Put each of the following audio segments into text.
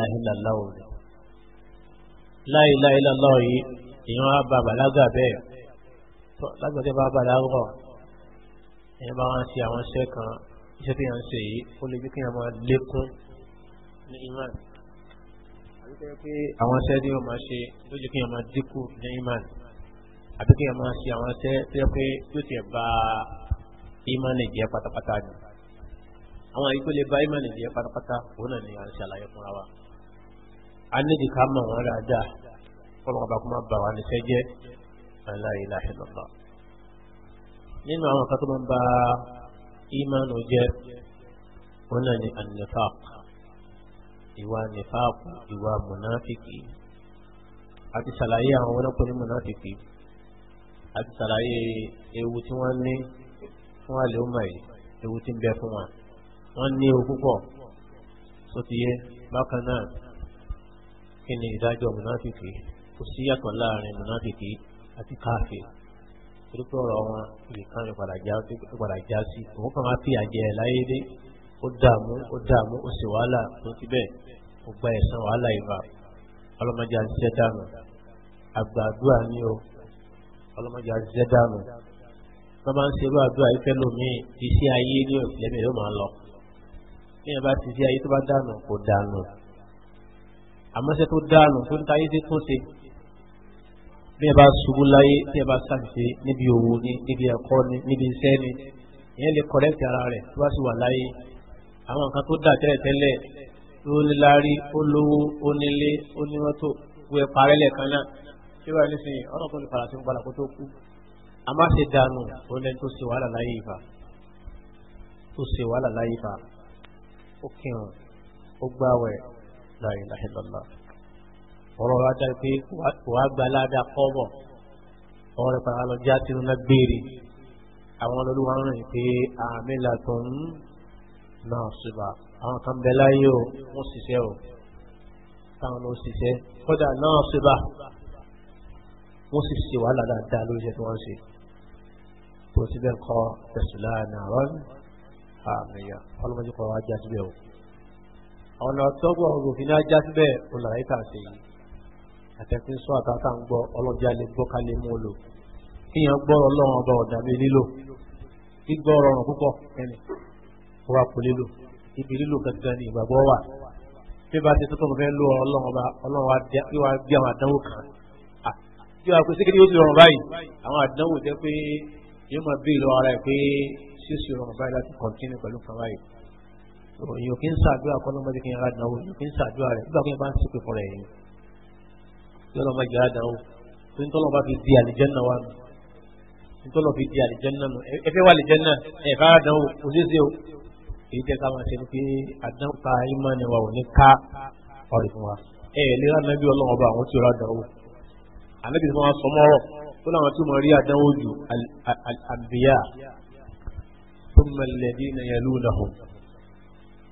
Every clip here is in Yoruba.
láìláìláwò rẹ̀ láìláìláwò yìí èèyàn á bá bàlágà bẹ́ẹ̀ lágbàtẹ́ bá bàlágà èèyàn bá wọn ṣe àwọn iṣẹ́ kan iṣẹ́ tí yàn ń ṣe yìí ó lè jẹ́ kí yàn máa lékún ní iman àbí kẹ́ pé àwọn iṣẹ́ tí yàn máa ṣe ló jẹ́ kí yàn máa dínkù ní iman àbí kí yàn máa ṣe àwọn iṣẹ́ tí yàn pé yóò tiẹ̀ ba iman lè jẹ́ pátápátá ni àwọn àyíkó lè ba iman lè jẹ́ pátápátá òun náà ni à ń ṣàlàyé fúnra wa a nídìí ká mọ̀ wọn dáadáa kọ́lọ́wọ́ bá kúmọ̀ bà wá ní sẹ́jẹ́ la ilaha illallah nínú àwọn kan tó máa ń ba ìmánu jẹ́ wọn náà ni anifaq ìwà nifaq ìwà munafiki àti sàlàyé àwọn ọlọ́pọ̀ ní munafiki àti sàlàyé ewu tí wọ́n ní fún àlèhùnmá yìí ewu tí ń fún wa wọ́n ní ewu púpọ̀ sótìyé bákan náà kí ni ìdájọ́ mùnáfìkì kò sí yàtọ̀ láàrin mùnáfìkì àti káàfì torípé ọ̀rọ̀ wọn nìkan ni padà já sí òun kàn máa fi àjẹ láyé dé ó dààmú ó dààmú ó sì wàhálà tó ti bẹ́ẹ̀ ó gba ẹ̀san wàhálà ìbá ọlọ́mọdé àṣìṣe dànù àgbà àdúrà ni o ọlọ́mọdé àṣìṣe dànù wọ́n máa ń ṣe irú àdúrà yìí fẹ́ẹ́ lómi iṣẹ́ ayé ní òkèlè yóò máa lọ bí wọ́n bá ti ṣe ayé tó bá dànù kò dànù àmọ́ṣẹ́ tó dànù tó ń ta ayé tó ṣe bí ẹ bá ṣubú láyé bí ẹ bá ṣàṣìṣe níbi òwò ni níbi ẹ̀kọ́ ni níbi iṣẹ́ ni ìyẹn lè kọ̀rẹ́tì ara rẹ̀ tó bá sì wà láyé àwọn nǹkan tó dà tẹ́lẹ̀tẹ́lẹ̀ ló ní láárí ó lówó ó nílé ó ní mọ́tò gbé parẹ́ lẹ́ẹ̀kan náà tí ó wà nísìnyí ọ̀nà tó lè fara sí gbọ́dọ̀ kó tó kú a má ó gbáwẹ̀ la ilaha illallah ọ̀rọ̀ wa dá pé wà á gba aláda kọ́bọ̀ ọ̀rọ̀ rẹ̀ padà lọ já sínú náà gbére àwọn olólùwà ń rìn pé àmì làtún náà ṣùgbọ́n àwọn kan bẹ láyé o wọ́n ṣiṣẹ́ o táwọn ló ṣiṣẹ́ kódà náà ṣùgbọ́n wọ́n sì ṣe wàhálà dáadáa lórí iṣẹ́ tí wọ́n ṣe tó síbẹ̀ kọ́ tẹ̀sùlá náà rọ́ọ̀nù àmì ìyá ọlọ́mọdé kọ́ wa já síbẹ̀ o. ọ̀nà tọ́gbọ̀ òfin ajá síbẹ̀ olùràyíkà sí i àtẹ̀sín sọ àtàkà ń gbọ́ ọlọ́jà lè gbọ́ mú un lò kíyàn gbọ́rọ̀ lọ́wọ́ ọba ọ̀dà gbígbọ́ rọrùn púpọ̀ kò ibi lílò gangan ni ìgbàgbọ́ wà bí bá ti tuntun fẹ́ lò ọlọ́run ọba wa kan bí wàá pé àwọn yóò kí ń sàdúrà kọ́ lọ́mọdé kí n ra dánwò yóò kí ń sàdúrà rẹ̀ nígbà kí n bá ń sèpè fún rẹ̀ yìí yóò lọ́mọ jẹ́ àdánwò tó ń tọ́lọ́ bá fi di àlìjẹ́nà wa nù ń tọ́lọ́ fi di àlìjẹ́nà nù ẹ fẹ́ wà àlìjẹ́nà ẹ fẹ́ àdánwò kò ṣeéṣe o èyí tẹ́ ká máa ṣe ni pé àdánwò ká ìmọ̀ ni wa ò ní ká ọ̀rẹ́ fún wa ẹ ẹ lera nàbí ọlọ́wọ́ bá àwọn tí ó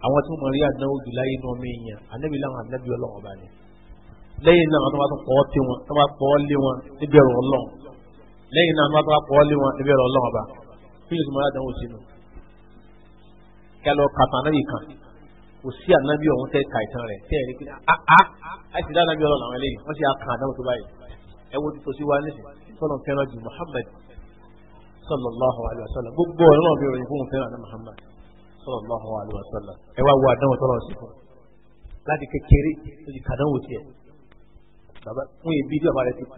àwọn tí wọ́n rí àdánwò jù láyé inú ọmọ èèyàn ànábì láwọn ànábì ọlọ́run ọba ni lẹ́yìn náà wọ́n tó pọ̀ tí wọ́n tó bá pọ̀ lé wọn níbi ẹ̀rọ ọlọ́run lẹ́yìn náà wọ́n tó bá pọ̀ lé wọn níbi ẹ̀rọ ọlọ́run ọba kí ló ti máa sínú. kẹlọ kàtà ànábì kan kò sí ànábì ọ̀hún tẹ́ ka ìtàn rẹ̀ tẹ́ ẹ̀rí pé ah, ah, a a ti dá ànábì ọlọ́run àwọn eléyìí wọ́n sì á kan àdánwò tó báyìí ẹ wo tó sí wa nísìn sọ́nà fẹ́ràn sallallahu alaihi wasallam ẹ wá wo àdánwò tọ́lọ̀ sí fún láti kékeré tó ti kàdánwò tiẹ̀ bàbá fún ebi bí bàbá rẹ ti kú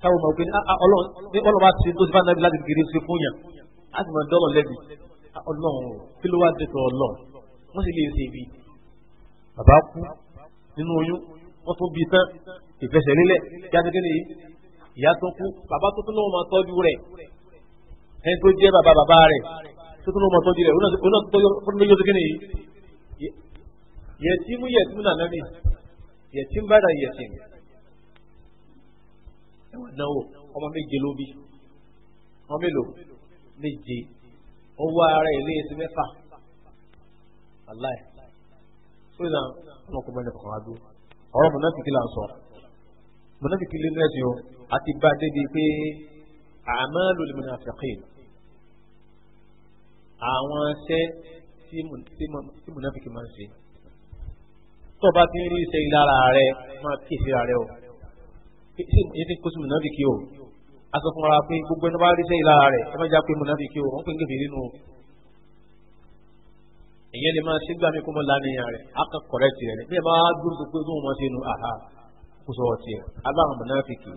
táwọn ọmọ ògbéni ah, ah, ọlọ́run bá ti tó ti bá nàbí láti kékeré sí fún yàn á sì máa dọ́lọ̀ lẹ́bi ah, ọlọ́run kí ló wá dé tọ́ ọlọ́run wọ́n sì lè ṣe ibi bàbá kú nínú oyún wọ́n tún bí tán ìfẹsẹ̀ nílẹ̀ kí á yìí ìyá tó kú bàbá tó tún lọ́wọ́ máa tọ́jú rẹ̀ ẹni tó jẹ́ bàbá bàbá rẹ̀ tó tún lọ́mọ tọ́jú rẹ̀ òun náà tó yọ sí kíni yìí yẹtìmú yẹtìmú náà nàbì yẹtìmú bá dà yẹtìmú ẹwà náwó ọmọ méje ló bí ọmọ mélòó méje owó ara ilé ẹsẹ mẹ́fà aláì sóyè náà wọn kò mẹ́rin kọkàn adó ọ̀rọ̀ mọnàfìkì là ń sọ mọnàfìkì lé nẹẹsì o àti bá débi pé àmàlù lè mọnàfìkì àwọn iṣẹ́ tí mùnáfíkì máa ń ṣe tó bá ti ń rí iṣẹ́ ìlara rẹ máa kí ìṣe rẹ o èyí ti kó sí mùnáfíkì o a sọ fún ara pé gbogbo ẹni bá rí iṣẹ́ ìlara rẹ ẹ má já pé mùnáfíkì o wọ́n pè ń gèfè nínú o èyí lè máa ṣe gbà mí kó mọ lánìyàn rẹ á kàn kọ̀rẹ́ tiẹ̀ rẹ bí ẹ bá dúró tó pé tó wọn ṣe nu àhà kó sọ ọ̀ tiẹ̀ aláwọn mùnáfíkì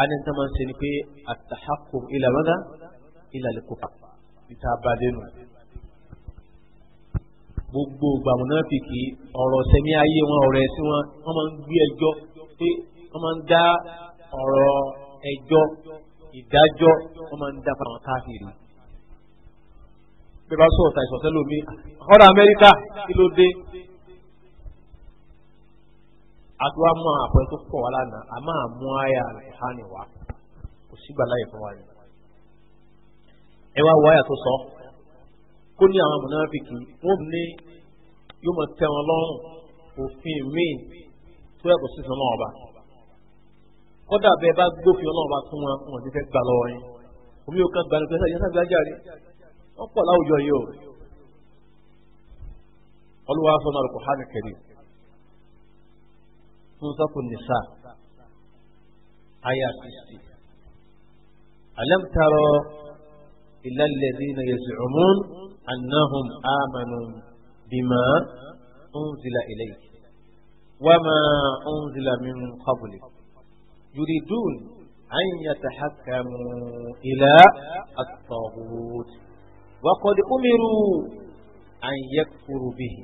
ani ta máa ń ṣe ni pé àtàkùn ìlànà ìlànà kò kà níta abadénu gbogbo gbàmù náà fi kì í ọ̀rọ̀ sẹ́mi ayé wọn ọ̀rọ̀ ẹ̀sìn wọn wọ́n máa ń gbé ẹjọ́ pé wọ́n máa ń dá ọ̀rọ̀ ẹjọ́ ìdájọ́ wọ́n máa ń dá pa káfíìrì. bí a bá sọ̀rọ̀ ta ìsọ̀tẹ́ lómi ọ̀rọ̀ amẹ́ríkà kí ló dé àtiwá mú àwọn àpẹẹrẹ tó pọ̀ wá lánàá àmọ́ àmú àyà rẹ̀ hánì kò sígbà láyè fún wa yìí ẹ wá wáyà tó sọ kó ní àwọn mùnáfíkì wọn ní yóò máa tẹ wọn lọ́rùn òfin míì tó yàtọ̀ sí sọ náà ọba kódà bẹ́ẹ̀ bá gbófin Ọlọ́run bá tún wọn wọn ti fẹ́ gbà lọ́wọ́ yín omi ò kan gbani pé sáyẹn sábẹ́ ajáre wọ́n pọ̀ láwùjọ yìí o olúwa sọnà rẹ̀ kò há ní kẹ́lẹ́ fún sọ́kùn nìṣà ayé àti sí alẹ́ mi ta rọ. إلا الذين يزعمون أنهم آمنوا بما أنزل إليك وما أنزل من قبلك يريدون أن يتحكموا إلى الطاغوت وقد أمروا أن يكفروا به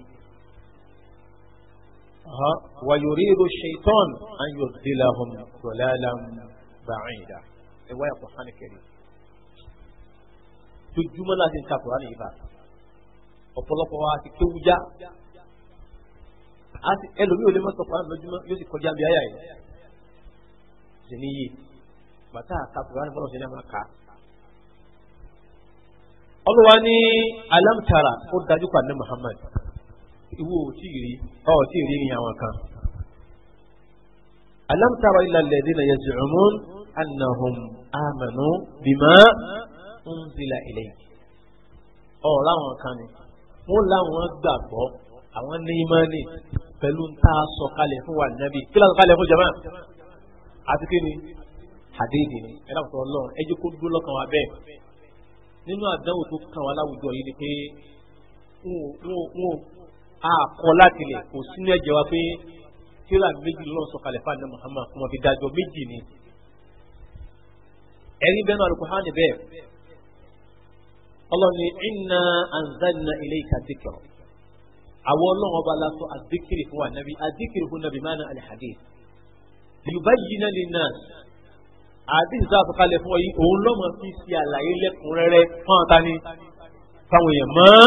ويريد الشيطان أن يضلهم ضلالا بعيدا الرواية القرآن الكريم jojúmọ́ láti ń ka kùránì yìí bá ọ̀pọ̀lọpọ̀ wa ti kéwu já ẹlòmíì ò lè má sọ kùránì lójúmọ́ yóò sì kọjá bí ayà yìí ṣe ní yìí bàtà ka kùránì bọ́lọ̀ ṣe ní àwọn ká. ọlọ́wà ní alámtara ó dájú pa ní Muhammad ìwọ ò tí ì rí ọ ò tí ì rí ní àwọn kan. alámtara ilà lẹ́dínà yaz'umun annahum amanu bima ń zila ilẹ̀ ọ̀rọ̀ àwọn kan ni wọ́n láwọn gbàgbọ́ àwọn ní ìmánì pẹ̀lú ń tá a sọ kalẹ̀ fún wa nàbí kí lóun kalẹ̀ fún jama àti kí ni àdéhìí ni ẹ dàpọ̀ ọlọ́run ẹ jẹ́ kó dúró lọ́kàn wa bẹ́ẹ̀ nínú àdánwò tó kàn wá láwùjọ yìí ni pé wọn a kọ láti lè kò sínú ẹ̀jẹ̀ wa pé tíra méjì lọ́wọ́ sọ fún àdéhùn Muhammad fún wọn fi dájọ́ méjì ni ẹ̀rí bẹ́ẹ̀ náà Al-Qur'ani bẹ́ẹ̀ ọlọ́ni iná anzanna ilayka dhikra àwọn ọlọ́run ọba lásán adékèrè fún ànábi adékèrè fún nàbí mánà alhadith yubayyina linnas àdéhùn sáà fọkalẹ̀ fún ọ yìí òun lọ́mọ fi ṣe àlàyé lẹ́kùnrẹ́rẹ́ fún ọ̀tá ni táwọn èèyàn mọ́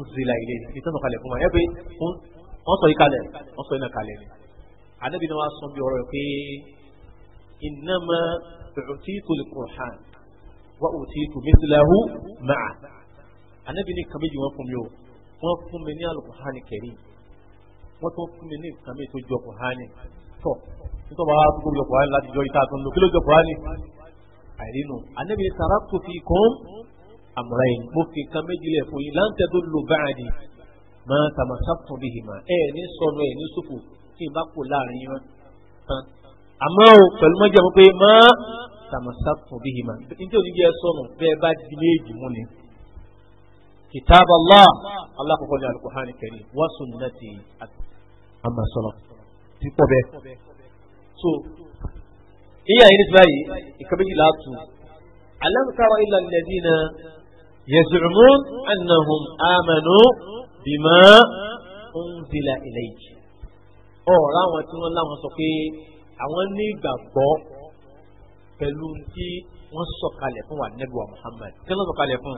ń zèlà ilé ní ìtọ́nà kalẹ̀ fún wa ẹ pé wọ́n sọ yìí kalẹ̀ wọ́n sọ yìí náà kalẹ̀ ni ànábi náà wá sọ bí ọ̀rọ̀ pé innama u'titu wa utitu mithlahu ma'a anabi ní kàmí jù wọ́n fún mi o wọ́n fún mi ní alukuhani kẹrì wọ́n tó fún mi ní kàmí tó jọ kuhani tọ nítorí wàá tó jọ kuhani láti jọ ìta tó ń lò kí ló jọ kuhani àìrínu anabi taraktu fikum amrayn mo fi kàmí jìlẹ̀ fún yín lan tadullu ba'di ma tamassaktum bihima ẹ ní sọnù ẹ ní sùfù kí n bá kó láàrin yín tán àmọ́ o pẹ̀lú mọ́jà mọ́ pé máa tamasaktu bihima nítorí oníbi ẹ sọnù bẹ́ẹ̀ bá di méjì mú ni. kitab allah allah kọ́kọ́ ní alukuhani kẹrin wa sunnati amasọlọ ti pọ̀ bẹ́ẹ̀. so iye àyè nípa yìí ìkàbíyì láàtú alam tara ila alladhina yaz'umun annahum amanu bima unzila ilayk. ọ̀rọ̀ àwọn tí wọ́n láwọn sọ pé àwọn ní ìgbàgbọ́ pẹ̀lú tí wọ́n sọ̀kalẹ̀ fún wa nẹ́bí wa Muhammad kí ló sọ̀kalẹ̀ fún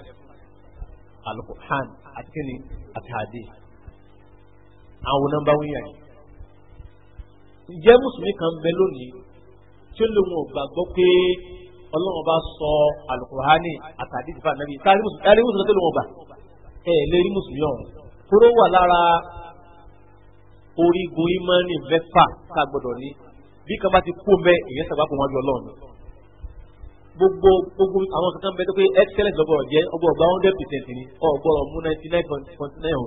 alukuhan àti kíni àti hadi àwọn nọ́mbà wíyà yìí. ǹjẹ́ mùsùlùmí kan bẹ lónìí tí ó lè ò gbàgbọ́ pé ọlọ́run bá sọ alukuhani àti hadi fún anabi táyà mùsùlùmí tó lè wọn gbà ẹ̀ lè rí mùsùlùmí ọ̀hún kúrò wà lára orígun ìmánì mẹ́fà tá a gbọ́dọ̀ ní bí kan bá ti kú mẹ́ ìyẹn sábà kò wọ́n jọ lọ́run. gbogbo gbogbo àwọn kankan bẹ tó pé excellence ọgbọ̀rọ̀ jẹ́ ọgbọ̀rọ̀ gba hundred percent ni ọgbọ̀rọ̀ mú ninety nine point nine o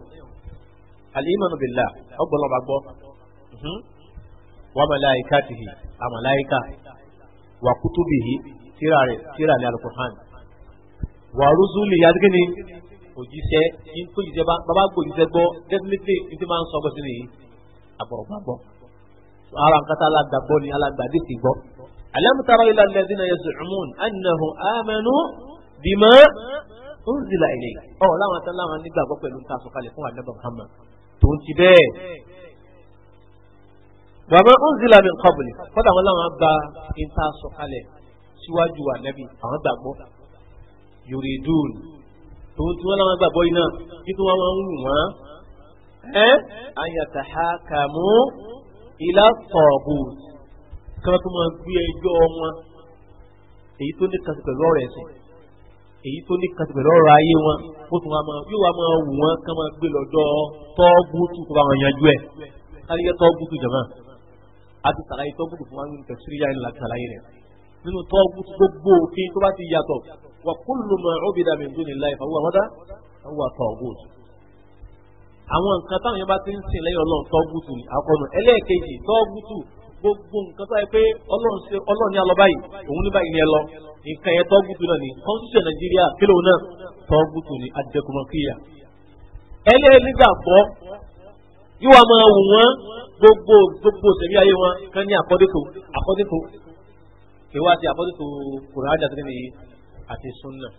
mhm. wa malaika tihi amalaika wa kutubihi tírà rẹ̀ tírà wa rusuli yadigi ni definitely ní ti máa ń sọ ọgbọ́n ara nǹkan tá a ni a la gbàdé ti ألم تر إلى الذين يزعمون أنه آمنوا بما أنزل إليك أو لا ما تلا ما نيجا بقول لهم تاسو قال لكم النبي محمد تونتي به وما أنزل من قبله فدا ولا ما با إن تاسو قال síwájú ànábì àwọn gbàgbọ́ yorùdùn tòun tí wọ́n iná kí tí wọ́n ń wù wọ́n ẹ́ ayàtàhà kàmú ilá sọ̀bùt kí wọ́n tó máa gbé ẹjọ́ wọn èyí tó ní kàtí pẹ̀lú ọ̀rọ̀ ẹ̀sìn èyí tó ní kàtí pẹ̀lú ọ̀rọ̀ ayé wọn ó tún wá máa yóò wá máa wù wọn ká máa gbé lọ́jọ́ tọ́gùtù kó bá wọn yanjú ẹ̀ káríyẹ tọ́gùtù jàmá a ti sàlàyé tọ́gùtù fún wa nínú tẹ̀síríyà ni láti sàlàyé rẹ̀ nínú tọ́gùtù gbogbo òfin tó bá ti yàtọ̀ wà kullu ma ubida min dunillahi fa huwa mada fa huwa gbogbo nǹkan tó yẹ pé ọlọ́run ní alọ báyìí òun ní báyìí ni ẹ lọ nǹkan yẹn tọ́gùtù náà ni constitution nàìjíríà kílò náà tọ́gùtù ni adẹkùnmọ́kìyà ẹlẹ́ẹ̀lẹ́gbàgbọ́ yóò wá máa wù wọ́n gbogbo gbogbo sẹ̀mí ayé wọn kán ní àkọ́dẹ́tò àkọ́dẹ́tò ìwà àti àkọ́dẹ́tò kùràdà tó ní àti sunna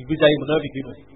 ìgbésí ayé mọ̀nà fìdí mọ̀.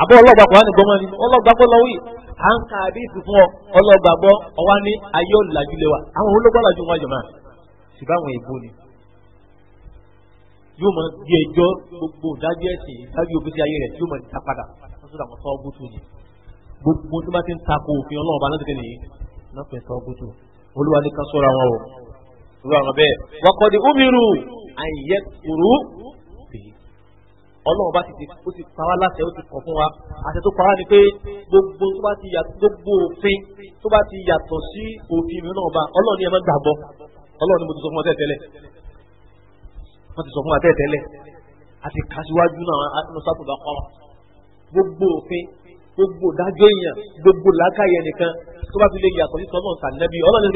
àbọ̀ ọlọ́gba kò wá ní gbọ́mọ́ ni ọlọ́gba kò lọ́wọ́ yìí à ń ka àdéhìsì fún ọ ọlọ́gba gbọ́ ọwá ní ayé ọ̀làjú wa àwọn ológbà làjú wọn jọ̀mọ́ ṣùgbọ́n àwọn èèbó ni yóò máa gbé ẹjọ́ gbogbo ìdájọ́ ẹ̀sìn ìdájọ́ òbí sí ayé rẹ̀ yóò máa ta padà wọ́n sọ̀rọ̀ àwọn sọ́ọ́ gútù ni gbogbo tí wọ́n ti ń takò òfin ọlọ́ọ̀bá lọ́sẹ̀kẹ̀ nìyí náà sọ́ọ́ umiru àyẹ̀kùrú ọlọ́run bá ti ti ó ti pa wá láṣẹ ó ti kọ̀ fún wa àṣẹ tó pa wá ni pé gbogbo tó bá ti yàtọ̀ gbogbo òfin tó bá ti yàtọ̀ sí òfin mi náà bá ọlọ́run ni ẹ máa gbàgbọ́ ọlọ́run ni mo ti sọ fún wa tẹ́tẹ́lẹ̀ wọ́n ti sọ fún wa tẹ́tẹ́lẹ̀ àti kásíwájú náà anusatu bá kọ́ gbogbo òfin gbogbo dájọ́ èèyàn gbogbo làákàyè nìkan tó bá ti lè yàtọ̀ sí sọ́nà tàbí ọlọ́run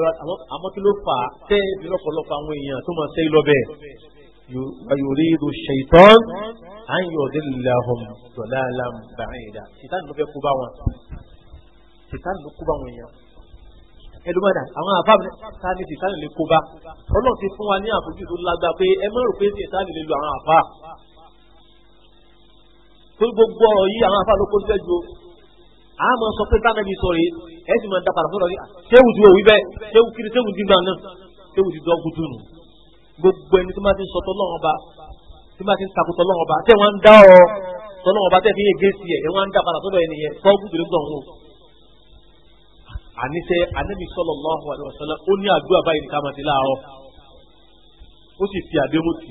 àmọ́ kí ló fà á tẹ́ ibi lọ́pọ̀lọpọ̀ àwọn èèyàn tó máa sẹ́yìn lọ́bẹ̀ yorì ìlú ṣèitán à ń yọ̀ délìlà hàn dọ̀là alam bàrin ìdá ṣèitán ló fẹ́ kó bá wọn ṣèitán ló kó bá wọn èèyàn ẹlòmọ́dà àwọn àbámu ta ni ṣèitán lè kó bá ọlọ́run ti fún wa ní àfojú tó lágbára pé ẹ mọ̀ rò pé ṣèitán lè lo àwọn àbá tó gbogbo ọ̀rọ̀ yìí àwọn àbá ló kó a máa sọ pé bánàbí sọ rèé ẹ sì máa dábàrà fún ọ ní ṣéwù ah, tí òwí bẹ́ẹ̀ ṣéwù kiri ṣéwù dígbà náà ṣéwù ti dán gúdú nù gbogbo ẹni tó máa ti sọ tọ́lọ́wọ́n ba tó máa ti takò tọ́lọ́wọ́n ba tẹ́ wọ́n ń dá ọ tọ́lọ́wọ́n ba tẹ́ fi yé gẹ́sì ẹ̀ wọ́n ń dábàrà sọ́dọ̀ ẹni yẹn tọ́ gúdú ló dán o. àníṣe anabi sallallahu alaihi wasallam ó ní àdúrà báyìí nìkan máa ti láàárọ̀ ó sì fi àdéhùn tì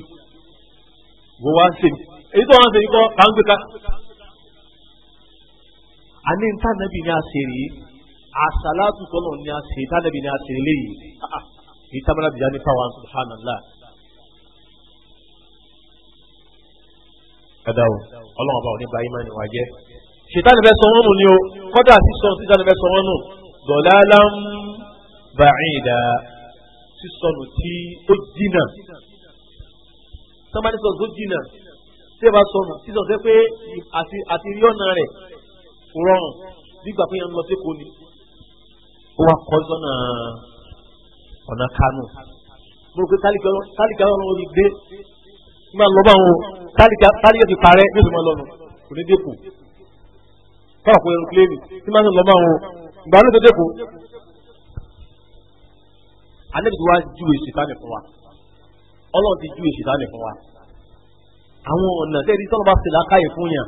wọ́n wá ń sèmi èyí tó wọ́n ń sèmi kọ́ kà ń gbé àní ní tànàbí ní àṣírí àṣàlátù tọ́lọ̀ ní àṣírí tànàbí ní àṣírí léyìí ní tàbí àbíyá ní fáwọn subhanallah. ẹ̀dá o ọlọ́run ọba ò ní ba ìmọ̀ ni wàá jẹ́ ṣètàn fẹ́ sọ wọ́n nù ni o kọ́dà sísọ ṣètàn fẹ́ sọ wọ́n nù dọ̀láàlám bàáyìdá sísọ tí ó jìnà sọ́mọ́ni sọ̀tún jìnà tí ẹ bá sọnù sísọ sẹ́ pé àti rí ọ̀nà rẹ̀ kò rọrùn nígbà pé yẹn lọ sí kò ní. ó wá kọ́ sọ́nà ọ̀nà kánò mo pe tálíkà ọlọ́run ti gbé nígbà lọ bá wọn tálíkà ti parẹ́ ní ìfimọ́ lọ́nu kò ní dẹ́kun káwọn kò yẹn kílẹ̀ mi nígbà lọ bá wọn ìgbà ló ti dẹ́kun. Ànábì ti ju èsì tánì fún wa ọlọ́run ti ju èsì tánì fún wa àwọn ọ̀nà tẹ́lẹ̀ tí sọ́nà bá ṣe fún yàn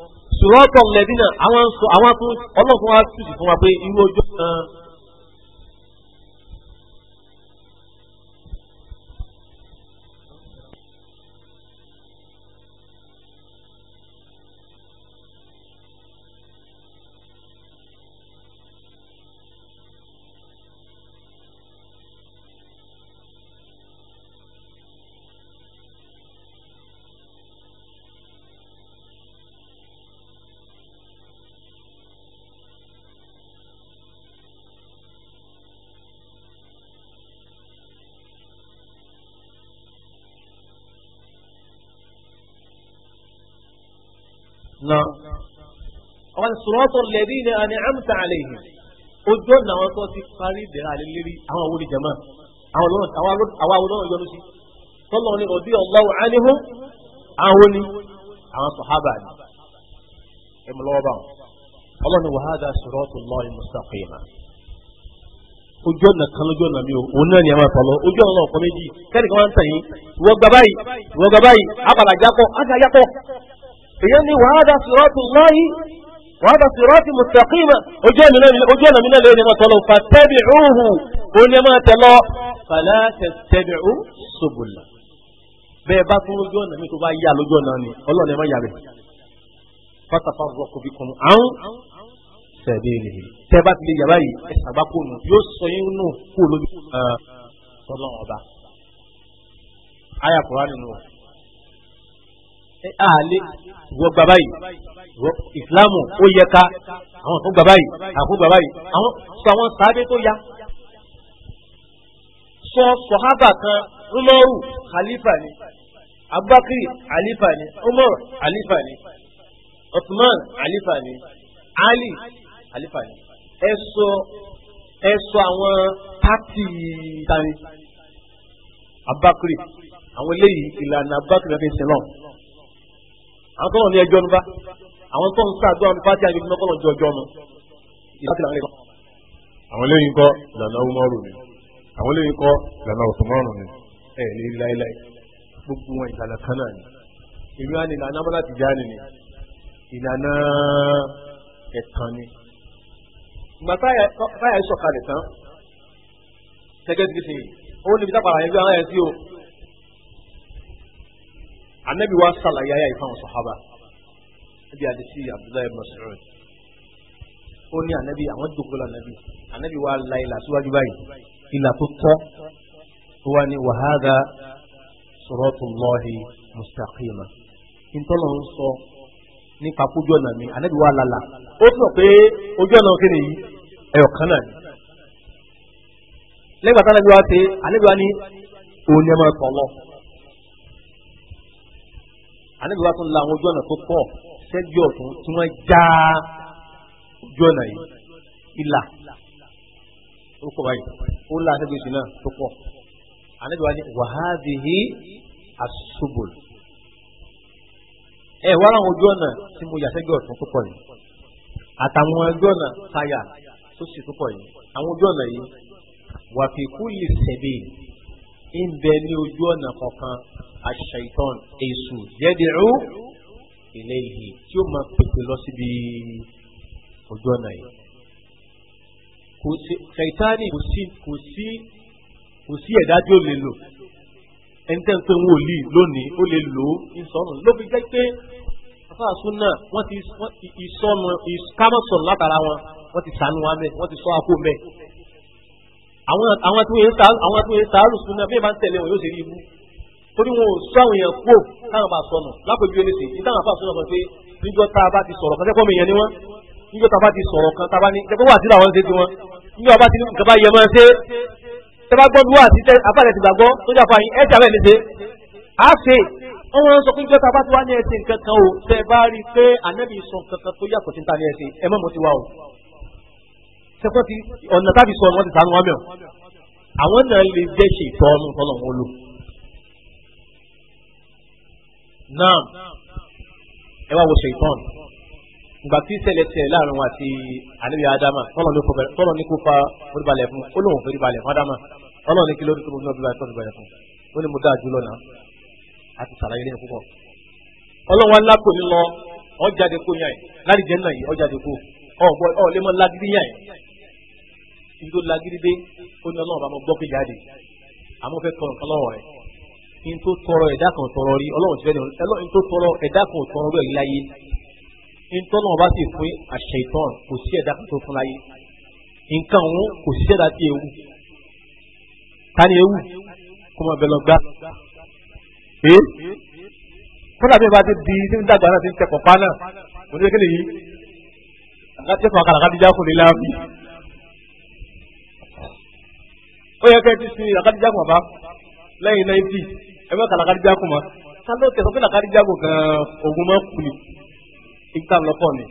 sùrọ́tọ̀ lẹ́dínà àwọn sọ àwọn tún ọlọ́run fún wa tùsù fún wa pé irú ọjọ́ kan náà àwọn sọ̀rọ̀tọ̀ lẹ́bí ni a ní àlẹ́yìn ojú ọ̀nà àwọn tó ti parí àlẹ́ lérí àwọn àwọn olùjẹ̀mọ́ àwọn yọnu ni ọdí ọlọ́wọ́ ni àwọn sọ̀hábà ni ojú ọ̀nà kan lójú ọ̀nà mi ò a máa èyàn ni wàhádà sírọ́tù láyé wàhádà sírọ́tù mùsàkìmà ojú ọ̀nà mìíràn lórí ẹ̀mọ́ tọ́lọ́ fàtẹ́bì rúhù ó ní ẹ̀mọ́ tẹ́lọ́ fàlàtẹ̀tẹ̀bì rú ṣubùlà bẹ́ẹ̀ bá tún lójú ọ̀nà mi tó bá yà lójú ọ̀nà ni ọlọ́ọ̀nà ẹ̀mọ́ yàrá pátápá rọ̀kù bí kan àwọn tẹ̀lé rè tẹ́ bá ti lè yàrá yìí ẹ̀ sàgbákùnù yóò sọ yín nù kú lójú ọ̀nà ọba. ayà kùránì nù wọ̀ àlè wọ́n gbà báyìí ìsìláàmù ó yẹ ká àwọn tó gbà báyìí àfún gbà báyìí àwọn sọ àwọn sáábé tó ya sọ sọ̀hábà kan umaru khalifa ni abubakar khalifa ni umar khalifa ni usman khalifa ni ali khalifa ni ẹ sọ ẹ sọ àwọn pátì tani abubakar àwọn eléyìí ìlànà abubakar fi ń sin àwọn tọ́lọ̀ ní ẹjọ́ nípa àwọn tó ń sáà gbọ́n nípa tí a yọ fún ọkọ̀ jọjọ́ nu. àwọn lẹ́yìn kọ́ lànà umaru ni àwọn lẹ́yìn kọ́ lànà osùmọ́rù ni ẹ̀ ní láéláé gbogbo wọn ìlànà kan ni ìlú àná ìlànà abọ́lá ti já ni ni ìlànà ẹ̀tàn ni. ìgbà táyà sọ̀kalẹ̀ tán gẹ́gẹ́ bí ti ó níbi tápàrà yẹn bí àwọn ẹ̀ sí o anabi wa ṣàlàyé ayé ìfahàn sọ̀hábà ẹbí adesi abdullahi mas'ud ó ní anabi àwọn dòkòlá anabi anabi wa la ilà síwájú báyìí ilà tó tọ́ tó wá ní wàhálà siratullahi mustaqima ntọ́lọ̀ ń sọ nípa kójú ọ̀nà mi anabi wa lala ó tún pé ojú ọ̀nà kí nìyí ẹ̀yọ̀ kan náà ni lẹ́gbàá anabi wa ṣe anabi wa ní òun ni ẹ máa tọ̀ lọ ànábì wa tún la àwọn ojú ọ̀nà tó pọ̀ sẹ́gbẹ́ ọ̀tún tí wọ́n já ojú ọ̀nà yìí ìlà ó pọ̀ báyìí ó la ànábì oṣù náà tó pọ̀ ànábì wa ní wàhádìí àṣùbò ẹ wá àwọn ojú ọ̀nà tí mo yà sẹ́gbẹ́ ọ̀tún tó pọ̀ yìí àtàwọn ojú ọ̀nà táyà tó sì tó pọ̀ yìí àwọn ojú ọ̀nà yìí wà fi kulli sabil yìí ń bẹ ní ojú ọ̀nà kọ̀ọ̀kan àṣàìtàn èṣù yẹ́dìrú ilé ìhì tí ó máa pèpè lọ síbi ojú ọ̀nà yìí. kò sí ṣàìtánì kò sí kò sí kò sí ẹ̀dá tí ó lè lò ẹni tẹ́ ń pè ń wòlíì lónìí ó lè lò ó ní sọ́nù ló fi jẹ́ pé afáàsùn náà wọ́n ti ìsọnù ìkámọ́sọ̀nù látara wọn wọ́n ti sànú wa mẹ́ wọ́n ti sọ àpò mẹ́ àwọn tí wọ́n yẹ sàárù sùn náà bí ẹ bá ń tẹ̀lé wọn yóò ṣe rí ibú torí wọn ò sọ àwọn èèyàn kúrò táwọn bá sọnù lápòjú ẹni sì ní táwọn afáàsọ náà sọ pé níjọ́ tá a bá ti sọ̀rọ̀ kan tẹ́kọ̀ọ́ mi yẹn ni wọ́n níjọ́ tá a bá ti sọ̀rọ̀ kan tá a bá ní tẹ́kọ̀ọ́ wà sílẹ̀ àwọn ṣe ti wọn níjọ́ bá ti ní nǹkan bá yẹ máa ṣe tẹ́ bá gbọ́ bí wà sí tẹ́ bá sẹ́kọ́ ti ọ̀nà tábì sọ̀rọ̀ wọn ti sànú wọn mẹ́ọ̀ àwọn náà lè jẹ́ ṣe ìtọ́nu tọ́lọ̀ wọn lò. náà ẹ wá wo ṣe ìtọ́n ìgbà tí ìṣẹ̀lẹ̀ tẹ̀ láàrin wọn àti àníbi ádámà tọ́lọ̀ ní kó fa oríbalẹ̀ fún ó lóun fẹ́ oríbalẹ̀ fún ádámà tọ́lọ̀ ní kí lórí tó mú náà bí wàá tọ́jú balẹ̀ fún ó ní mo dáa jùlọ náà àti sàlàyé lẹ́yìn púpọ̀ ọlọ́wọ́ alákò ní lọ ọjáde kó yàn láti jẹ́ náà yìí ọjáde kó ọ̀gbọ́n ọ̀lẹ́mọ́ ládìrí yàn ibi tó lagiri dé ó ní ọlọ́run bá mọ gbọ́ pé jáde àmọ́ fẹ́ tọrọ nǹkan lọ́wọ́ rẹ̀ kí n tó tọrọ ẹ̀dá kan tọrọ rí ọlọ́run ti fẹ́ ní ọlọ́run tó tọrọ ẹ̀dá kan tọrọ rẹ̀ rí láyé ntọ́nà bá sì fún àṣẹ ìtàn kò sí ẹ̀dá kan tó fún láyé nǹkan òun kò sí ẹ̀dá tí ewu tani ewu kó máa bẹ lọ gbá ee kódà bí bá ti di tí dàgbà náà ti ń tẹkọ̀ọ́ pa náà mo ní kékeré yìí àgbà tẹ̀sán àkàlà kábíyá kò lè láàbì ó yẹ kẹ́ ẹ ti sin làkàdíjákùn bàbá lẹ́yìn náìtì ẹ bá ka làkàdíjákùn ma ká ló tẹ̀sán pé làkàdíjákùn gan-an ogun máa kù ní ìta lọ́kọ̀ ni.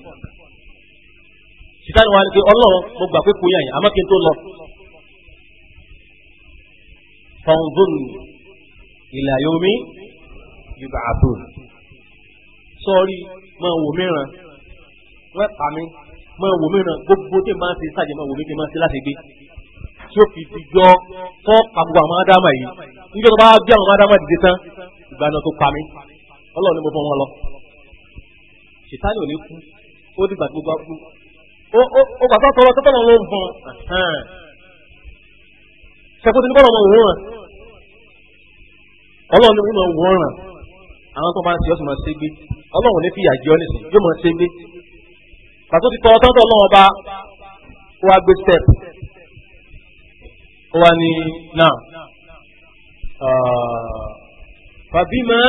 sitani wa ni pé ọlọ́run mo gbà pé kò yàn yín àmọ́ kí n tó lọ. fanzon ila yomi yub'athun sọ́ọ́rí máa wò mìíràn wọ́n pa mí máa wò mìíràn gbogbo tí màá ti sáàjì máa wò mí tí màá se láti gbé tí ó fi dijọ́ fọ́ àbúrò àwọn ádámà yìí níjọ́ tó bá bí àwọn ádámà dìde tán ìgbà náà tó pa mí ọlọ́run ni mo fọ́ wọn lọ. ṣètánì ò ní kú ó dìgbà tó gbà kú ó gbà tọrọ tó tọrọ ló ń bọ̀n ṣẹ́kùtì ní bọ́lọ̀ ọmọ òun ọlọ́run ni wọ́n wọ́n ràn àwọn tó máa ń ṣe ọ̀sùn máa ṣe gbé ọlọ́run ní fìyà jẹ́ ọ́ nìsín yóò máa ṣe gbé pàtó ti tọ́ ọ́ tọ́tọ́ ó wá ní náà fàbímọ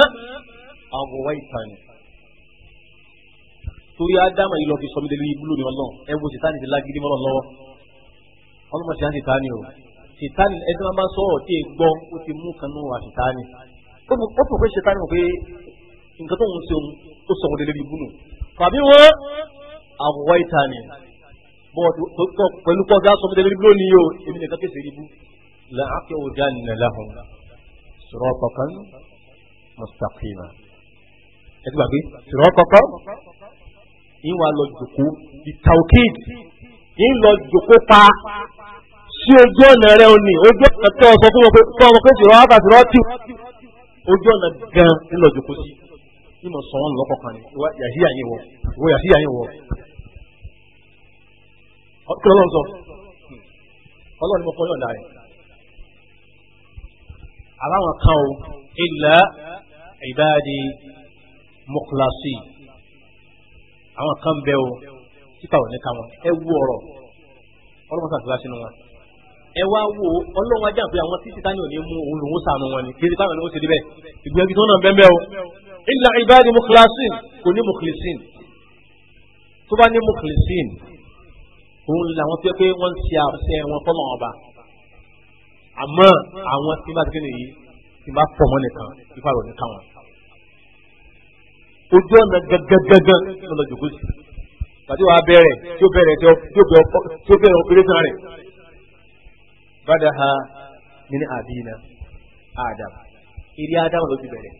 àwòrán ìtàní torí ádámà yìí lọ fi sọmi délé ibúlò ní ọlọ́run ẹ wo sìtáni ti lágídí mọ́ lọ́wọ́ ọlọ́mọ sìtáni sìtáni o sìtáni ẹni máa ń sọ̀rọ̀ tí ì gbọ́ ó ti bọ́ pẹ̀lú pọ́ gá sọmọdé lórí lónìí yóò èmi nìkan kése rí bú làákẹ́ òdà nìyẹn láhùn sọ̀rọ̀ kọ̀kan mustaqima ẹ ti gbàgbé sọ̀rọ̀ kọ̀kan yín wà lọ jòkó di taukid yín lọ jòkó pa sí ojú ọ̀nà rẹ ò ní ojú ọ̀nà tó ọ fún wọn pé tó ọmọ pé sọ̀rọ̀ àbà sọ̀rọ̀ tì ojú ọ̀nà gan-an jòkó sí yín sọ̀rọ̀ lọ́kọ̀ọ̀kan ọkùnrin ọlọ́run sọ ọlọ́run mọ̀ fọyọ̀ láàrin aláwọn kan o illa ibadi mukhlasi àwọn kan bẹ o títà ò ní ká wọn ẹ wú ọ̀rọ̀ ọlọ́run sàtúrà sínú wọn ẹ wá wo ọlọ́run ajá pé àwọn títí táwọn ò ní mú òun lòún sànù wọn ni kí táwọn ní wọ́n ti débẹ̀ ìgbìyànjú tó náà bẹ́ẹ̀ bẹ́ẹ̀ o illa ibadi mukhlasin kò ní mukhlasin tó bá ní mukhlasin òun làwọn tó yẹ pé wọ́n ń ṣe àṣẹ wọn fọ́nà ọba àmọ́ àwọn tí bá ti kéde yìí tí bá pọ̀ mọ́ nìkan ipa rò nìkan wọn. ojú ọ̀nà gẹ́gẹ́gẹ́gẹ́ ló lọ jòkó sí pàtó wàá bẹ̀rẹ̀ tí ó bẹ̀rẹ̀ tí ó bẹ̀rẹ̀ ọ̀pẹ̀rẹ̀sán rẹ̀ bàdà ha nínú àbínà àdàm ìrí àdàm ló ti bẹ̀rẹ̀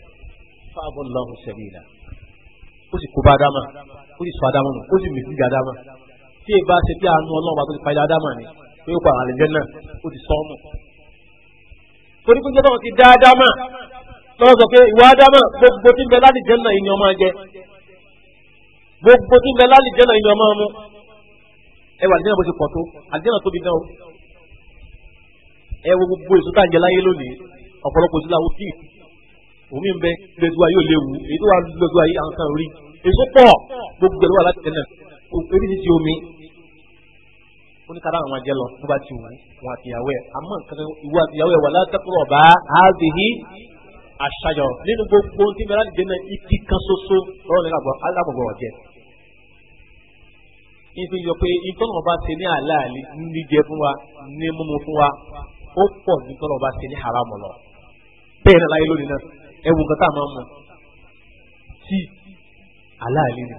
fáwọn lọ́hùn sẹ́bìlà ó sì kó bá àdàmà ó sì sọ àdàmà nù ó sì mìtìjà àdàmà tí ìbá ṣe bí àánú ọlọ́run àti ìpàdé ádámà ni pé ó pa àwọn àlejò náà ó ti sọ ọ́nù. torí pé jọ́dọ̀ ti dá ádámà lọ́wọ́ sọ pé ìwà ádámà gbogbo tí ń bẹ láti jẹ́ náà ìyẹn ọmọ jẹ gbogbo tí ń bẹ láti jẹ́ náà ìyẹn ọmọ mu ẹ wà àlejò náà bó ti pọ̀ tó àlejò tóbi náà o ẹ wo gbogbo èso tá à ń jẹ láyé lónìí ọ̀pọ̀lọpọ̀ èso làwọn tí omi ń bẹ gbẹdúwa yóò léwu èyí tó wà gbẹdúwa yìí àwọn kan rí èso pọ̀ gbogbo gbẹdúwa láti jẹ náà orí ti ti omi oníkàrà àwọn ajẹ́ lọ tó bá ti wù wọn àtìyàwó ẹ̀ àmọ́ nǹkan ìwọ àtìyàwó ẹ̀ wà látàkùrọ̀ bá àádìhí àṣàyọ̀ nínú gbogbo tí mẹ́rà lè dẹ́nà ibi kan ṣoṣo lọ́rọ̀ nígbà gbọ́ alábọ̀gbọ̀ ọ̀jẹ́. ibi yọ pé ìtọ́nà ọba ṣe ní àlàálí níjẹ fún wa ní mímu fún wa ó pọ̀ ní ìtọ́nà ọba ṣe ní haramu lọ. bẹ́ẹ̀ náà láyé lónìí náà ẹ̀wù nǹkan tá a máa mú tí àlàálí ni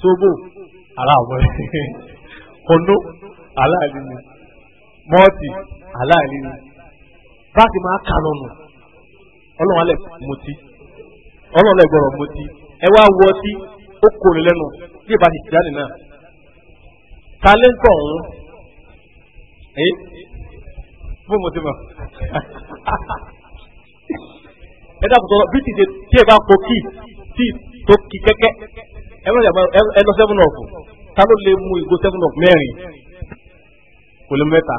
sóbò haramu kòndó ala ni mọ́ọ̀tì ala ni báàkì máa kà lọ́nà ọlọ́run alẹ́ mutí ọlọ́run alẹ́ gbọ́rọ̀ mutí ẹ wá wọ ọtí ó lẹ́nu tí ìbá ti jáde náà talẹ́ńtọ̀ ọ̀hún ẹ fún mutí mọ́ ẹ dàpọ̀ tọ́ bí ti ṣe tí ẹ bá po kí tí tó kí kẹ́kẹ́ ẹ lọ sẹ́fún náà ta ló lè mu ìgò seven up mẹ́rin kò lè mẹ́ta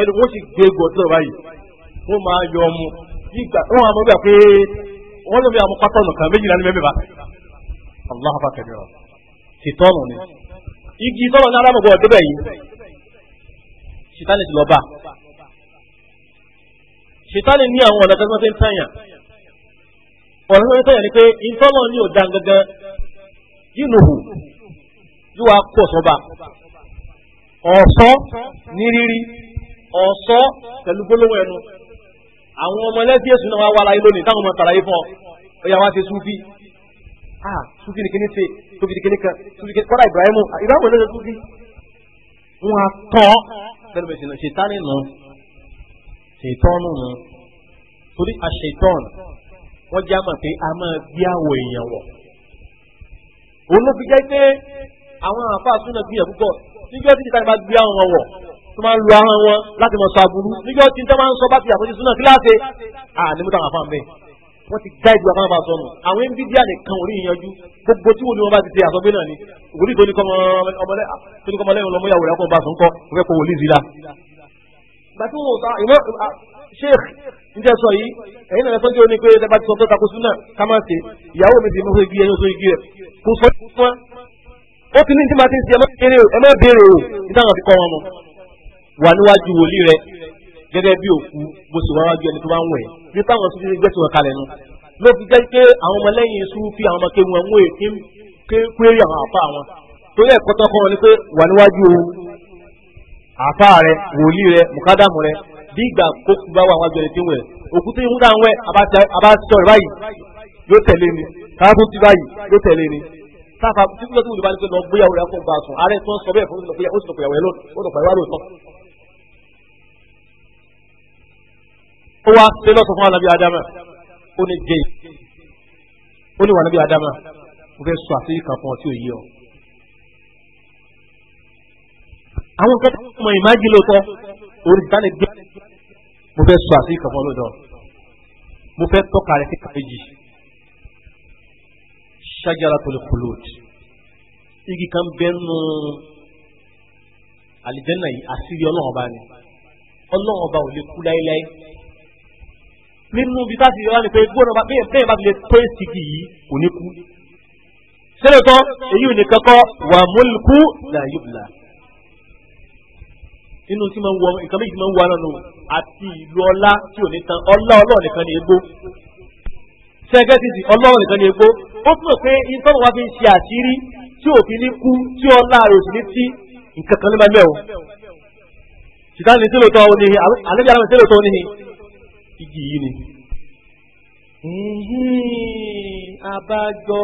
ẹni wọ́n sì gbé gbọ́dọ̀ báyìí wọ́n máa yọ ọmọ nígbà wọ́n àmọ́ gbà pé wọ́n lè fi àwọn pátọ́nù kan méjìlá ní mẹ́mẹ́ba allah afa kẹ̀kẹ́ rọ ṣètọ́nù ni igi tọ́nù ní alámọ̀gbọ́ ọ̀dẹ́bẹ̀ yìí ṣìtánì ti lọ bá ṣìtánì ní àwọn ọ̀nà tẹ́tí wọ́n ti ń tàyàn ọ̀nà tẹ́tí wọ́n ti ń tàyàn ni pé ìtọ́nù ní ò yóò wá pọ̀ sọ́ba ọ̀sọ́ ní rírí ọ̀sọ́ pẹ̀lú gbólóhùn ẹnu àwọn ọmọ ẹlẹ́sìn èsù náà wá wá láyé lónìí táwọn ọmọ tàlàyé fún ọ ó wá ṣe súfì ah súfì ni kíní ṣe súfì ni kíní kan súfì kíní kọ́dà Ibrahim Ibrahim ló ṣe súfì wọn á tọ́ pẹ̀lú bẹ̀sẹ̀ náà ṣètánì nù ṣètọ́nù nù torí àṣetọ́nù wọ́n já mọ̀ pé a máa gbé àwọ̀ èèyàn wọ̀ òun ló fi jẹ́ pé àwọn àfáà súnà gbìyànjú púpọ̀ nígbà tí ìtàn bá gbé àwọn ọwọ́ tó máa ń lo ahọ́n wọn láti mọ̀ sọ aburú nígbà tí ìtàn máa ń sọ bá ti àfojì súnà kíláàsì à ní mútà àfáà mẹ́ wọ́n ti gá ìdúrà fáwọn àfáà sọnù àwọn ẹni dídíà nìkan orí ìyanjú gbogbo tí wòlíì wọn bá ti ṣe àsọgbé náà ni wòlíì tó ní kọ́mọlẹ́yìn lọ́mọ ìyàwó rẹ̀ kọ́ bá sùn kọ́ fẹ́ kó wòlíì zila. gbàtí wọn ò ta ìmọ̀ sheikh njẹ sọ yìí ẹyin náà sọjọ ni pé ẹ bá ti sọ tó takosú náà ká má ṣe ìyàwó mi sì mú igi ẹyin oṣù igi rẹ kò sọ fún ó ti ní tí máa ti ń ṣe ẹ má béèrè o nítawọn fi kọ́ wọn mọ́ wà níwájú wòlíì rẹ gẹ́gẹ́ bí òkú mo sì wá wájú ẹni tó bá ń wẹ̀ bí táwọn tó ti gbẹ́sì wọn kalẹ̀ nu ló fi jẹ́ pé àwọn ọmọlẹ́yìn Sufi àwọn ọmọkéwu wọn wọ́n èké kéré àwọn àfa wọn torí ẹ̀kọ́ tó wọn ni pé wà níwájú àfa rẹ wòlíì rẹ mùkádàmù rẹ bí ìgbà kó bá wà wájú ẹni tí wẹ̀ òkú tó ń dá ń wẹ̀ ni káàbù ti báyìí yóò tẹ̀lé ni sáfà tí kúlọ̀ tí wùdí bá ní pé lọ gbéyàwó rẹ̀ kó bá sùn ààrẹ tó ń sọ bẹ́ẹ̀ fún mi ó sì tọ̀pọ̀ ìyàwó ẹ̀ lónìí ó tọ̀pọ̀ ìwà lóòótọ́. ó wá ṣe lọ́sọ̀ fún anabi adama ó ní gay ó ní wà anabi adama mo fẹ́ sọ àṣírí kan fún ọ tí ò yí ọ. àwọn nǹkan tó mọ ìmájì lóòótọ́ orí ìdáni gbé mo fẹ́ sọ àṣírí kan fún ọ lóòótọ́ mo fẹ́ tọ́ka rẹ̀ sí kàméjì shajaratul khulud igi kan bẹ́nu àlìjẹ́nà yìí àṣírí ọlọ́run ọba ni ọlọ́run ọba ò lè kú láéláé nínú ibi tá a ti yọ wá ni pé gbọ́dọ̀ bá bẹ́ẹ̀ bá fi lè tó èsì kì yìí kò ní kú sílẹ̀ tán èyí ò ní kankan wà múlùkù làyùbùlà nínú tí máa ń wọ nǹkan méjì máa ń wọ lọ́nu àti ìlú ọlá tí ò ní tan ọlá ọlọ́run nìkan ní egbó sẹ́gẹ́tìtì ọlọ́run nìkan ní egbó ó túnbọ̀ pé ìtọ́nù wa fi ń ṣe àṣírí tí òfin ní kú tí ọlá rẹ̀ òsì ní tí nǹkan kan ní máa mẹ́wọ̀. ṣìkà ní sílò tán ní àlejò alámọ̀ sílò igi yìí ni. àbájọ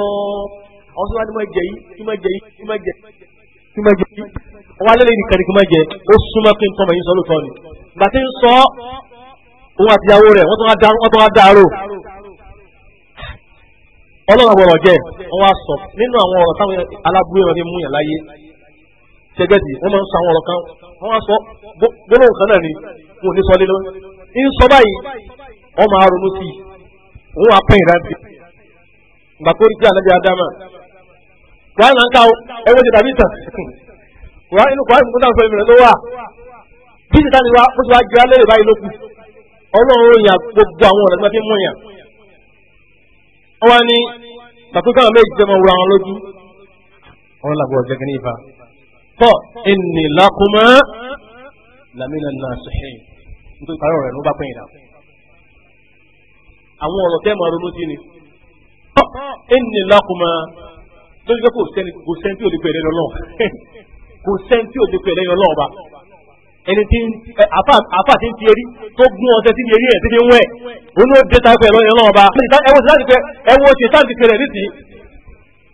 ọ̀sán wa ni mo jẹ yìí kí mo jẹ yìí kí mo jẹ kí mo jẹ yìí. ọwọ́ alẹ́ lẹ́yìn nìkan ni kí mo jẹ ó súnmọ́ kí n tọ́ mọ̀ yín sọ lóòótọ́ ni. gbàtí ń sọ òun àtìyàwó rẹ̀ wọ́n tún wá dárò. Ọlọrọ ọ̀rọ̀ jẹ́ wọ́n wá sọ nínú àwọn ọ̀rọ̀ táwọn aláburú ìrọ̀ ní mú yàn láyé jẹgẹdì wọ́n máa ń sọ àwọn ọ̀rọ̀ kan sọ gbólóhùn kan náà ni wọn ò ní sọ lé lórí ń sọ báyìí wọ́n máa ronú sí i òun wàá pẹ́yìn rántí adama ń ká ẹwọ́n tàn inú wọ́n wá ní tàbí káwọn méjì fẹ́ máa wúra wọn lójú wọn làbọ̀ ọ̀jẹ̀ kìíní ìfà tọ́ inni lakuma lamina nasihin nítorí kárọ̀ rẹ̀ ló bá pẹ́yìn dà àwọn ọ̀rọ̀ tẹ́ máa ronú sí ni tọ́ inni lakuma lójú pé kò sẹ́ni kò sẹ́ni tí ò lè pẹ̀lẹ́ lọ́wọ́ kò sẹ́ni tí ò lè pẹ̀lẹ́ lọ́wọ́ ẹni tí àfà tí ń fi erí tó gún ọ̀sẹ̀ tí ń erí ẹ̀ tí ń wẹ̀ òun ló dé táìpẹ́ lọ́yìn ọlọ́run ọba ẹwọ́ sí láti pẹ́ ẹwọ́ ṣe sáà ti pẹ́rẹ́ nítì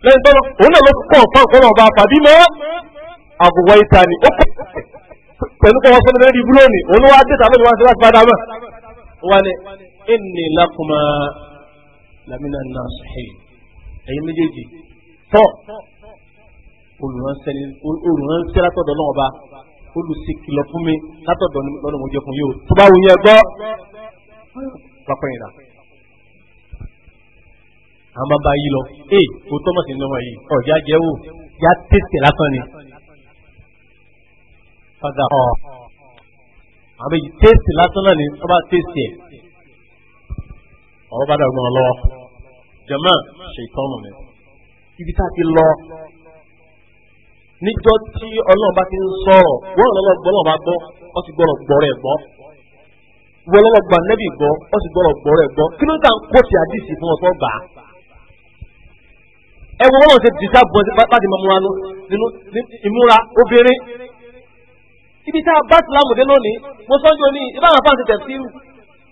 lẹ́yìn tọ́lọ́ òun náà ló kọ̀ ọ̀pọ̀lọpọ̀ ọba àpàdé mọ́ àgùwá ìta ni ó kọ̀ pẹ̀lú kọ́ wọ́n sọ́nà lórí ibú lónìí òun ló wá dé tàbí wọ́n ti láti padà mọ́ wọ́n ni ẹnì lákùmá lamina nasihin ẹ̀yin méjèèjì tọ́ olùrànṣẹ́ látọ̀dọ̀ náà ọba olùsèkìlọ̀ fún mi látọ̀dọ̀ lọ́nà mo jẹ fún yóò tó bá wù yẹn gbọ́ pápá yìí rà àwọn bàbá yìí lọ ee eh, kò tọ́ mọ̀sí lọ́wọ́ yìí ọ̀já jẹ́ wò já tẹ̀sẹ̀ lásán ni padà ọ̀ àwọn bẹ́ẹ̀ tẹ̀sẹ̀ lásán náà ni wọ́n bá tẹ̀sẹ̀ ọ̀rọ̀ bá dàgbọ́n lọ jẹ̀mọ́ ṣètọ́nù mi ibi tá a ti lọ níjọ́ tí ọlọ́run bá ti ń sọ̀rọ̀ wọ́n lọ́lọ́ gbọ́lọ́ bá gbọ́ ọ sì gbọ́rọ̀ gbọ́rọ̀ ẹ̀ gbọ́ wọ́n lọ́lọ́ gba nẹ́bì gbọ́ ọ sì gbọ́rọ̀ gbọ́rọ̀ ẹ̀ gbọ́ kí ló ń ta ń kó ti àdìsí fún ọ̀tọ́ gbà á. ẹ wo wọ́n ṣe dìtà bọ́ láti máa múra nínú ìmúra obìnrin. ibi tá a bá sìlámù dé lónìí mo sọ́jọ́ ní ìbára fáǹsì tẹ̀síìrù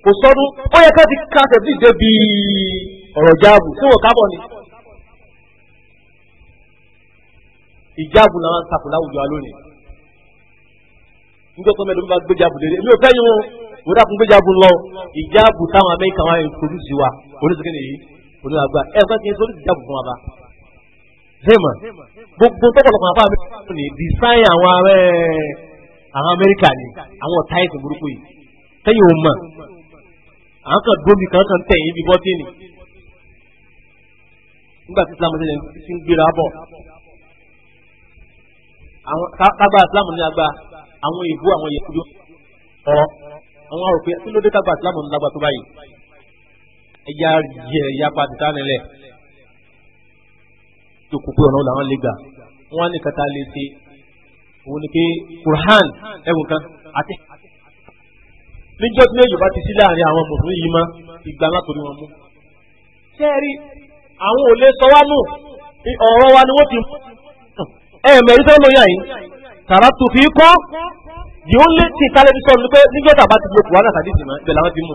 kò sọ́dún ó yẹ ká ti ká tẹ̀síì débi ọ̀rọ̀ jáàbù tí wọ́n kábọ̀ ni. ìjáàbù náà ń takùn láwùjọ wa lónìí nígbà tó mẹ́rin bá gbéjáàbù lé èmi ò fẹ́ yín o mo dákun gbéjáàbù lọ ìjáàbù táwọn amẹ́ríkà wa ń polúsì wa oníṣègbè nìyí oníwàgbà ẹ fẹ́ kí n sọ ní ìjáàbù fún wa bá zema gbogbo tọkọtọkọ àfa amẹ́ríkà ni design àwọn arẹ àwọn amẹ́ríkà ni àwọn ọ̀tá ẹ̀sìn burúkú yìí kẹ́yìn ò mọ̀ àwọn kan dómi kan kan tẹ̀yìn ibi bọ́tìnì nígbà tí kágbá islam ní agbá àwọn ìbú àwọn yẹkudu ọ̀rọ̀ àwọn àròpé kí ló dé kágbá islam ní lágbá tó báyìí ẹja yẹ yapa tìta nílẹ̀ tó kú pé ọ̀nà ọ̀la wọn lè gbà wọn ní kata lè ṣe òun ni pé Qur'an ẹ̀wùn kan àti níjọ́ tí méjì bá ti sí láàrin àwọn mùsùlùmí yìí mọ́ ìgbà látòrí wọn mú. sẹ́ẹ̀rí àwọn ò lè sọ wá nù ọ̀rọ̀ wa ni wọ́n ti mú ẹ̀ẹ̀mẹ̀ ìtọ́ ló yàn yìí tààrà tó fi kọ́ di ó lé tí ìtàlẹ́ sọ ní pé níjọ́ tàbá ti gbé kùránà tàbí ìsìnmọ́ ìbẹ̀ làwọn ti mú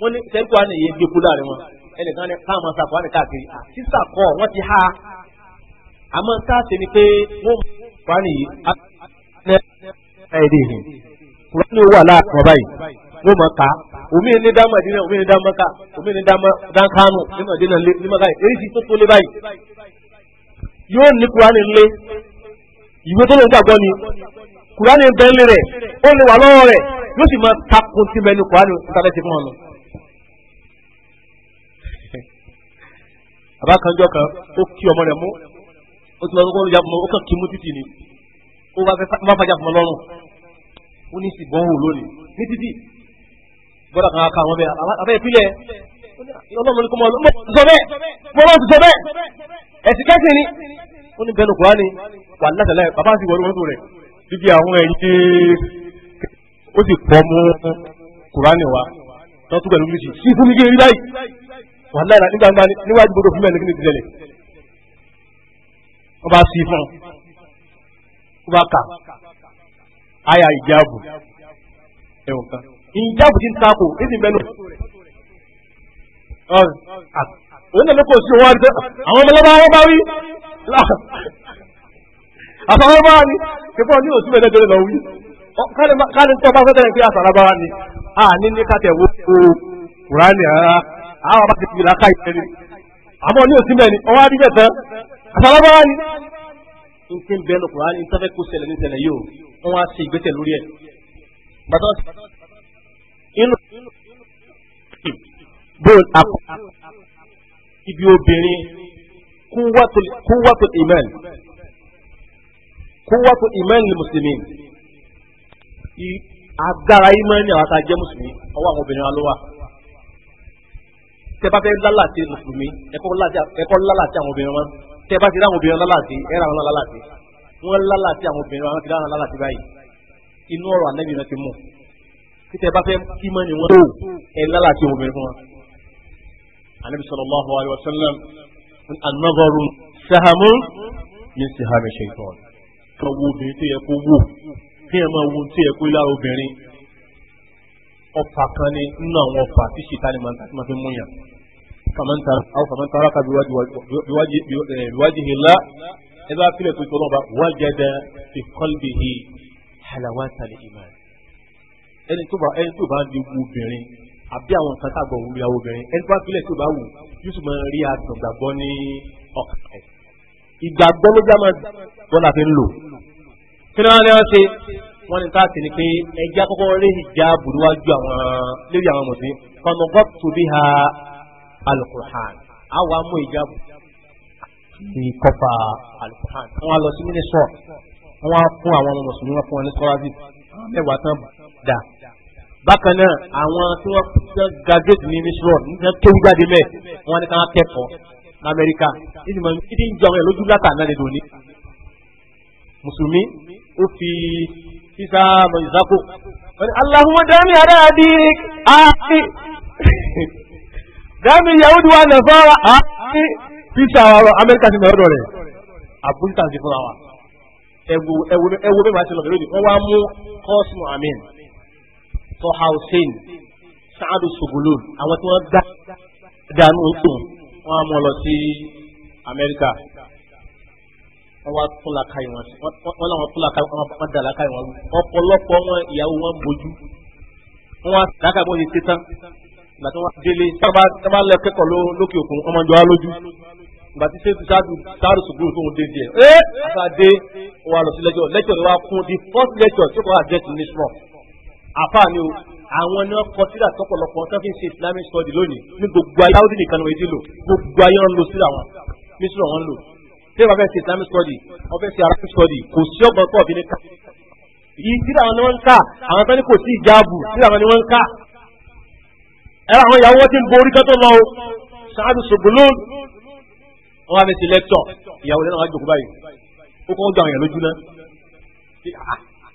wọn ní sẹ́yìn kùránà yìí gbé kúlà rẹ wọn ẹnìkan ní káwọn máa sa kùránà káàkiri sísà kọ́ wọn ti ha àmọ́ ń káàsì ni pé wọ́n mú kùránà yìí ẹ̀ ẹ̀ dì hìn kùránà wà láàkùn ọba yìí wọ́n mọ̀ ká omi ní dá Mádínà omi ní dá Mákà omi ní dá Kánò ní Mádínà ní Mákà yìí èyí ti tó tó lé báyìí yóò ní kùránà lé ìwé tó ló ń gbàgbọ́ ni kùránì ń bẹ́ńlẹ̀ rẹ̀ ó lè wà lọ́wọ́ rẹ̀ yóò sì máa takun sí mẹ́nu kùránì ìtàlẹ́sì fún ọ̀nà. bàbá kan jọ kan ó kí ọmọ rẹ̀ mú ó ti máa kọ́kọ́ ya fún ọ ó kàn kí mú títì ni ó bá fàjà fún ọ lọ́rùn ó ní sì gbọ́n wò lónìí ní títì gbọ́dọ̀ kan ká àwọn bẹ́ẹ̀ abẹ́ ìpínlẹ̀ ọlọ́run ni kò mọ̀ ọ́ sọ bẹ́ẹ̀ mo lọ́ọ́ ti sọ bẹ́ẹ̀ ẹ̀sìn kẹ́sìn ni ó ní bẹ́ẹ̀ kúránì wà látàlá ẹ̀ bàbá sì wọlé wọn tó rẹ̀ dídí àwọn ẹ̀yìn tí ó sì pọ̀ mú kúránì wa tọ́tù pẹ̀lú méjì sí fún mi kí n rí báyìí wà láìra nígbà ńgbà níwájú gbọdọ̀ fún mẹ́rin kí ni ti tẹ̀lé wọ́n bá sí fún un wọ́n bá kà áyà ìjáàbù ẹ̀wọ̀n kan ìjáàbù ti ń takò èsì mẹ́nu òun náà ló kò sí owó àdúgbò àwọn ọmọ lọ́wọ́ wọn bá wí àtàwọn bá ní kẹfọ́ ní òsì mẹ́lẹ́ tẹ́lẹ̀ lọ wí káàdì tó bá fẹ́tẹ̀lẹ̀ pé àtàrà bá ní a ní ní kàtẹ̀ wo kùránì ara àwọn bá ti fi ìlà káyì tẹ́lẹ̀ àmọ́ ní òsì mẹ́ni ọwọ́ adíjẹ́ tán àtàrà bá ní. n ti ń bẹ́ẹ̀ lọ kùránì ní sáfẹ́ kó ṣẹlẹ̀ ní ṣẹlẹ̀ yìí o wọ́n á ṣe ìgbésẹ̀ lórí ẹ̀ inú bó ibi obìnrin quwwatul quwwatul iman quwwatul iman lil muslimin agbára iman ni àwọn tá a jẹ́ mùsùlùmí ọwọ́ àwọn obìnrin wa ló wà tẹ́ bá fẹ́ lálàtì mùsùlùmí ẹ̀kọ́ lálàtì àwọn obìnrin wa tẹ́ bá ti rí àwọn obìnrin lálàtì ẹ̀rọ àwọn lálàtì wọ́n lálàtì àwọn obìnrin wa wọ́n ti rí àwọn lálàtì báyìí inú ọ̀rọ̀ ànábì náà ti mú títẹ̀ bá fẹ́ kí mọ́ ni wọ́n tó ẹ̀ lálàtì àwọn obìnrin fún wa. ànábì sallallahu alaihi wasallam anagọrun sahamu ní sihami ṣètọ́n kan wo obìnrin tó yẹ kó wò kí ẹ máa wo tó yẹ kó lára obìnrin ọfà kan ní nínú àwọn ọfà tí ṣìta ni màá fi mú yàn kàmá ń tara ka biwájihi la ẹ bá filẹ̀ tó tọ́lọ́ bá wájàdá fi qalbihi halawata al ẹni tó bá ń di wo obìnrin àbí àwọn nǹkan tá a gbọ̀ wù ìyàwó obìnrin ẹni tó bá kílẹ̀ tó bá wù yóò tún máa rí àtàn gbàgbọ́ ní ọkàn rẹ̀ ìgbàgbọ́ ló já máa gbọ́ la fi ń lò kí ni wọ́n ní wọ́n ṣe wọ́n ní ká sì ni pé ẹja kọ́kọ́ rí hijab níwájú àwọn lórí àwọn mùsùlùmí kọ́nà gọ́ọ̀tù bí ha alukur'an àwọn amú hijab ti kọ́fà alukur'an wọ́n lọ sí mínísọ̀ wọ́n fún àwọn mùsùlùmí wọ́n fún wọn ní sọ́wájú bákan náà àwọn tí wọ́n graduate ní misro nígbà tó ń jáde mẹ́ wọn ní káwọn kẹ́kọ̀ọ́ lamẹ́ríkà ìdí mọ̀ ìdí ń jẹun ẹ̀ lójú látà náà lè dò ní. mùsùlùmí ó fi fisa mọ̀nyísákò wọ́n ní aláhùnmọ́ dání ará àdí àti dání yahudu wa nàfàrà àti fisa ọ̀rọ̀ amẹ́ríkà ti mọ̀ ọ́dọ̀ rẹ̀ àbúrítà ti fúnra wa ẹ̀wù ẹ̀wù ẹ̀wù bẹ́ẹ̀ máa ti lọ bẹ̀rẹ̀ lónìí wọ́n wá mú kọ́sùn àmín tọ́ha hussein saadu sugulun àwọn tí wọ́n gbá dànù tó wọ́n á mú lọ sí amẹ́ríkà wọ́n wá tún la káyìí wọn wọ́n làwọn tún la káyìí wọn wọ́n dà la káyìí wọn ọ̀pọ̀lọpọ̀ wọn ìyàwó wọn bójú wọ́n wá dáká bó ṣe ṣe tán ìgbà tí wọ́n délé sábà lọ kẹ́kọ̀ọ́ lókè òkun ọmọ ìjọba lójú ìgbà tí sẹ́yìn sáàdù sáàdù sùgbùrù tó ń dé díẹ̀ ẹ́ àtàdé wà lọ sí lẹ́jọ́ lẹ́jọ́ rẹ̀ wá kún the first lecture tí kò wá jẹ́ ti national àfáà ni o àwọn ni wọn kọ síra tọ̀pọ̀lọpọ̀ tó fi ń ṣe islamic study lónìí ní gbogbo ayé áwùdí nìkan lóye dílò gbogbo ayé wọn lo síra wọn ní síra wọn lò tí wọn fẹ́ ṣe islamic study wọn fẹ́ ṣe arabic study kò sí ọgbọ́n tó ọbí ní ká yìí síra wọn ni wọn ń ká àwọn tó ní kò sí ìjáàbù síra wọn ni wọn ń ká ẹ̀rọ àwọn ìyàwó ti ń borí kẹ́tọ́ lọ o ṣáájú ṣògbólóòn wọn wá fi ṣe lẹ́tọ̀ ìyàwó lẹ́nu àwọn àjòkú báyìí ó kọ́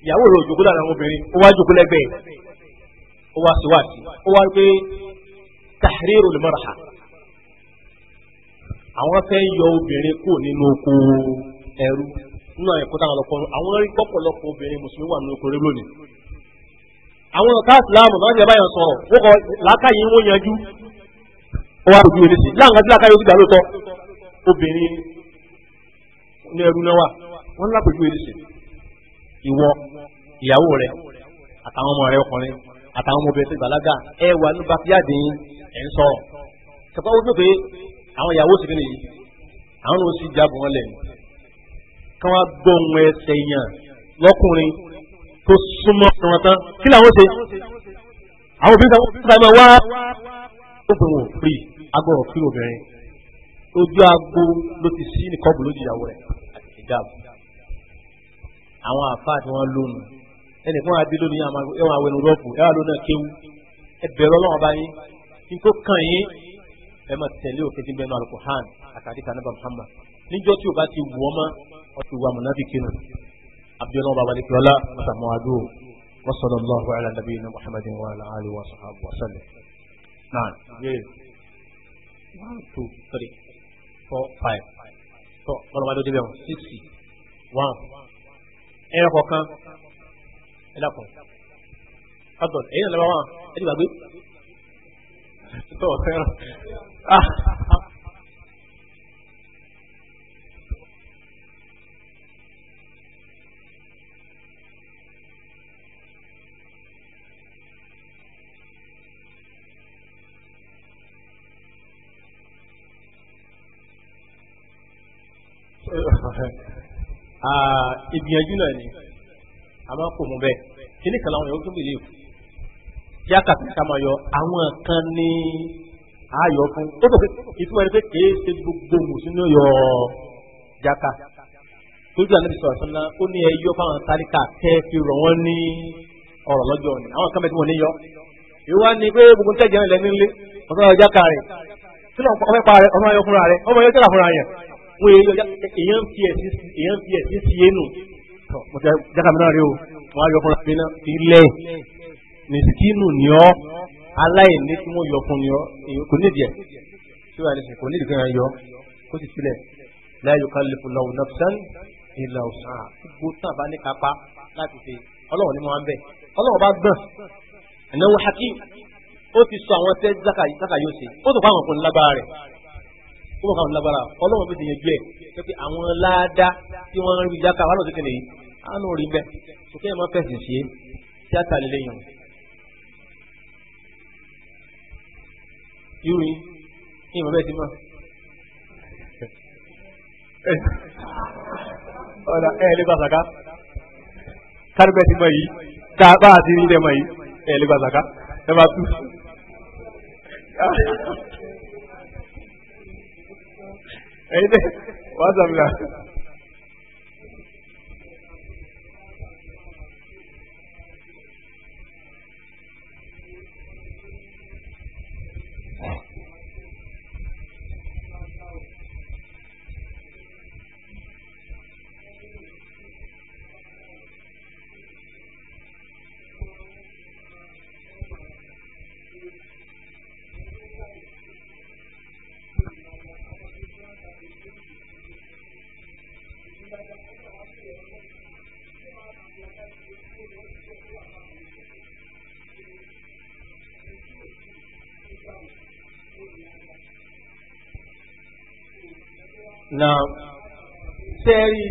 ìyàwó rẹ̀ òjòkó lára àwọn obìnrin ó wá jókòó lẹ́gbẹ̀ẹ́ ó wá sí wáàsí ó wá pé tahriru al-marha àwọn fẹ́ yọ obìnrin kù nínú oko ẹrú nínú àwọn ẹ̀kọ́ táwọn ọlọ́pọ̀ àwọn rí pọ̀pọ̀lọpọ̀ obìnrin mùsùlùmí wà nínú oko rẹ̀ lónìí àwọn ọ̀tá ìsìláàmù náà ti ẹ̀ báyọ̀ sọ̀rọ̀ wọ́n kọ làákàyè wọn yanjú ó wá rògbò oníṣì láwọn ọdún làákàyè oṣù gbàlótọ́ obìnrin ní ẹrú náà wà wọ́n lápòjú oníṣì ìwọ ìyàwó rẹ àtàwọn ọmọ rẹ ọkùnrin àtàwọn ọmọbìnrin tó gbàlágà ẹ wà ní bàtíyàdì ẹ ń sọ̀rọ̀ sọpọ ó dùn pé àwọn ìyàwó sì fi nìyí àwọn ò sì jábọ wọn lẹ kí wọn gbọ́ ohun ẹsẹ̀ yàn lọkùnrin tó súnmọ́ ọ̀rọ̀ tán kí làwọn ṣe àwọn obìnrin tó ń bá wá obìnrin ò fi agbọ̀rọ̀ fi obìnrin ojú agbo ló ti sí nìkọ́bù lójú ìyàwó rẹ̀ àti ìjáàbù àwọn àfáà tí wọ́n lónìí ẹnì kan àbí lónìí ẹwà wẹnu rọ́ọ̀fù ẹwà lónìí náà kéwu ẹbẹ̀rẹ̀ ọlọ́wọ́n bá yín kí n tó kàn yín ẹ máa tẹ̀lé òfin tí bẹ́ẹ̀ náà Al-Qur'an àtàdé kanáà Muhammad níjọ́ tí o bá ti wù ọ́ mọ́ ọ ti wà múnábì kínú abdulayi ọba wàlẹ̀ kíọ́lá mọ̀tàmọ́ adó wasalọ allahu ala nabiyina muhammadin wa ala wa sahabu wa sallam naan yee one two three four five tọ́ ọlọ́mọdé débẹ̀ wọn sixty one ẹyọ kọ̀ọ̀kan ẹ dàpọ̀ ọ̀dọ̀ ẹ̀yìn ọ̀lẹ́wọ̀n ẹ̀ dìgbàgbé tó ọ̀fẹ́ràn. Ah. ìgbìyànjú náà ni a máa kò mú bẹ́ẹ̀ kíní kan láwọn yòó tó bìlíf kí a kàtà ká máa yọ àwọn kan ní ayọ̀ fún ó tó pé ìtumọ̀ ẹni pé kìí ṣe gbogbo mùsùlùmí yọ jáka tójú ànábi sọ̀rọ̀ sọ́nà ó ní ẹyọ fáwọn tálíkà kẹ́ fi rọ̀ wọ́n ní ọ̀rọ̀ lọ́jọ́ ni àwọn kan bẹ́ẹ̀ tí wọ́n ní yọ ìwà ni pé gbogbo ń tẹ̀jẹ̀ rẹ̀ lẹ́nu ilé ọ̀sán ọjà kárẹ̀ tí wọ́n fẹ́ pa rẹ̀ ọmọ ayọ̀ fúnra rẹ̀ ọmọ ayọ̀ tẹ̀lá fúnra yẹn wọn èèyàn fi ẹ̀sìn èèyàn fi ẹ̀sìn sí yé nù ọ̀tọ̀ jákàmínà rẹ o wọn o yọ fún ọkùnrin náà ilẹ̀ mẹsìkínù ni ọ aláìní tí wọn yọ fún ni ọ kò nídìí ẹ tí wọn àdìsí kò nídìí kí wọn yọ kó sì sílẹ̀ láyé yóò ká lè fún lọ́wọ́ nafsan ìlà ọ̀sán gbogbo tán bá ní kápá láti ṣe ọlọ́wọ́ ni mo máa ń bẹ̀ ọlọ́wọ́ bá gbọ̀n ẹ̀náwó hakim o ti sọ àwọn tẹ́ zaka yóò ṣe ó tó fáwọn ọkùnrin lágbára rẹ̀ ó mọ̀ káwọn lágbára ọlọ́run fi tìyẹn ju ẹ̀ pé àwọn láàdá tí wọ́n rí ìjà káwọn lọ́sẹ̀ tẹ̀lé yìí àánú rí bẹ́ẹ̀ sókè ẹ̀ máa fẹ̀sìn sí tíátà lélẹ̀ yàn. irú yìí kí bẹ́ẹ̀ ti mọ̀. ọ̀dà ẹ̀ lè gba sàká kárí bẹ́ẹ̀ ti mọ̀ yìí ká bá a ti rí ilẹ̀ mọ̀ yìí ẹ̀ lè gba sàká ẹ̀ bá tú. 哎，对，我怎么了？na tẹ́rí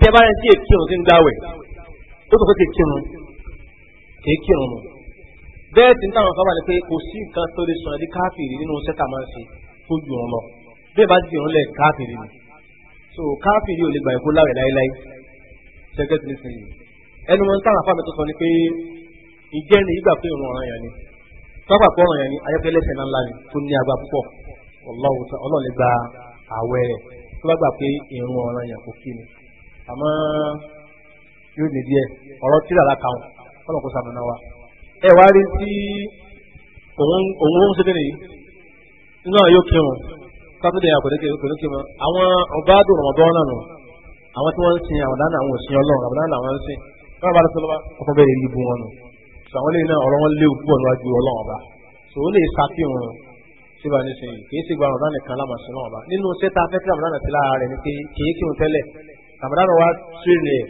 tẹ́bárẹ́ sí èkírun tí ń gbáwẹ̀ ó tó fẹ́ kírun kéèkírun mu bẹ́ẹ̀ tí ń táwọn kan wà ní pé kò sí nǹkan tó lè sọ̀rọ̀ ní káàpìrì nínú sẹ́tà máa ń ṣe tó jù wọn lọ bẹ́ẹ̀ bá ti dìrún lẹ̀ káàpìrì ni so káàpìrì ò lè gbà ẹ̀kọ́ láwẹ̀ láéláé sẹ́gẹ́tì nísìnyí ẹnu mọ́ táwọn afáàmì tó sọ ni pé ìjẹ́ ni ìgbà pé òun ọ̀ràn yẹn ni pápákọ̀ ọ̀ràn yẹn ni ayọ́kẹ́lẹ́sẹ̀ ńlá ni tó ní agbá púpọ̀ ọlọ́ọ̀lẹ́gbàá àwẹ̀ rẹ̀ tó bá gbà pé irun ọ̀ràn yẹn kò kí ni àmọ́ yóò ní díẹ̀ ọ̀rọ̀ tíra láta wọn ọlọ́run kò sàmúná wa. ẹ wá rí tí òun òun ṣe kéde yìí iná yóò kí wọn sátúndé àkọ́dẹ́kẹ́ kò ní wọn àwọn ọba nù àwọn tí wọ́n ń sin àwọn dáná àwọn òsìn ọlọ́run àwọn dáná àwọn ń sin síbà nísìnyí kìí sì gba ramadan nìkan lámàsí náà ọba nínú sẹta afẹ́kẹ́ ramadan ti lára rẹ̀ ni pé kìí kírun tẹ́lẹ̀ ramadan wa tún rẹ̀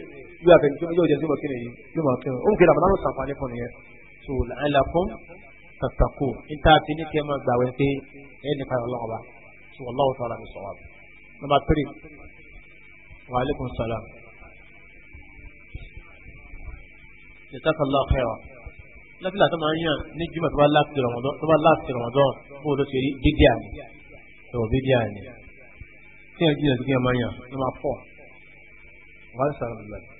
bí abẹ́ni tó yóò jẹ́ sí mọ̀kí nìyí yóò mọ̀ kírun ó ń kí ramadan sàǹfààní fún nìyẹn tó làálà fún tàtàkù níta ti ní kẹ́ máa gbàwẹ́ pé ẹ̀ nípa ọlọ́run ọba tó ọlọ́run tó ara mi sọ̀rọ̀ àbí. nọmba tírì wa aleykum salaam. jazakallah khairan lábìlà tó máa ń yàn ní jùmọ̀ tó bá láti rọ̀mọ̀dọ́ tó bá láti rọ̀mọ̀dọ́ bó ló ṣe rí bídíà ni ẹ̀wọ̀ bídíà ni tí ẹ̀ jìnnà tó kí máa yàn ló máa pọ̀ wàá sàrọ̀ lọ́dọ̀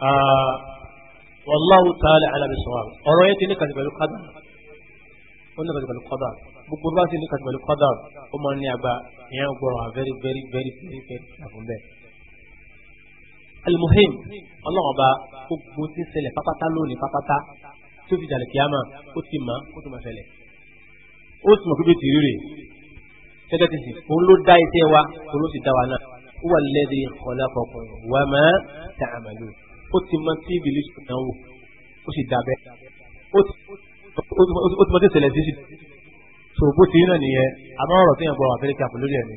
wallahu ta'ala alam bissawab ọ̀rọ̀ yẹn ti ní kàtí pẹ̀lú kádà ó ní kàtí pẹ̀lú gbogbo bá ti ní kàtí pẹ̀lú ó máa ní àgbà ìyẹn gbọ́rọ̀ very very very very very àfún bẹ́ẹ̀. alimuhim ọlọ́run ọba gbogbo ti ṣẹlẹ̀ pápátá lónìí pápátá tó fi jàlẹ̀ kíámà ó ti mọ̀ ó ti mọ̀ ṣẹlẹ̀ ó ti mọ̀ pé ti rí rè gẹ́gẹ́ ti sì òun ló dá iṣẹ́ wa òun ló sì dá wa náà huwa alladhi khalaqakum wa ma ta'malun ó ti mọ sí ìbílẹ̀ ṣùgbọ́n wò ó sì dàbẹ́ ó ti mọ sí ìṣẹ̀lẹ̀ sí so bó ti yín náà nìyẹn àmọ́ ọ̀rọ̀ tí yẹn gbọ́ àbẹ́rẹ́ kí a pè lórí ẹ̀ ni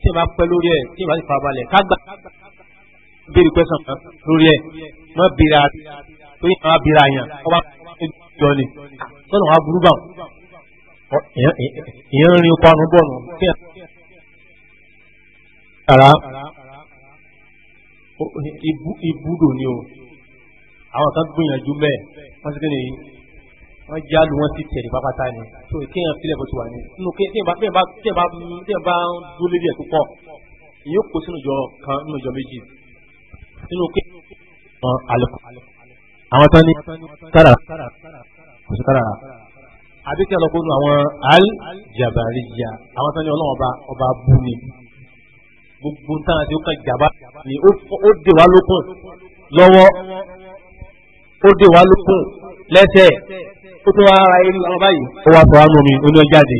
tí yẹn bá pẹ́ lórí ẹ̀ tí yẹn bá sì fara balẹ̀ ká gbà béèrè pẹ́ sàn lórí ẹ̀ mọ́ bira tó yẹn máa bira yàn ọba jọ ni sọ́nà wàá burú bá wọn ìyẹn ń rin ọkọ̀ ànúbọ̀nù kí ẹ̀ ibùdó ni o àwọn kan gbìyànjú mẹ wọn ti kéde yìí wọn jálu wọn ti tẹ̀lé pápátá ni tó kéèyàn sílẹ̀ bó ti wà ní nínú kéèyàn bá kéèyàn bá kéèyàn bá ń dúró lórí ẹ̀ púpọ̀ ìyóò kó sínú ìjọ kan nínú ìjọ méjì nínú kéèyàn kan àlùkò àwọn tán ní kára kò sí kára àbíkẹ́ lọ́kọ́ nù àwọn al jabariya àwọn tán ní ọlọ́wọ́n ọba ọba bú ni gbogbo táwọn àti ọkàn jàmbá ni ó dè wá lókun lọ́wọ́ ó dè wá lókun lẹ́sẹ̀ ó tún wá ara irú àwọn báyìí ó wá sọ wá nù mí oní ọjà dé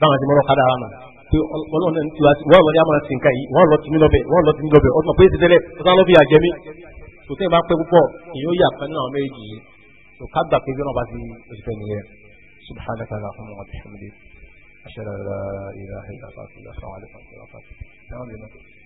báwọn ti mọ́ lọ́kadà wa mà pé ọlọ́run náà ti wá sí wọ́n lọ́dẹ àmọ́ra sí nǹkan yìí wọ́n lọ ti mí lọ́bẹ̀ wọ́n lọ ti mí lọ́bẹ̀ wọ́n bá ti òṣìṣẹ́ nìyẹn subhanaka allahumma wa bihamdika ashhadu an la ilaha illa anta astaghfiruka County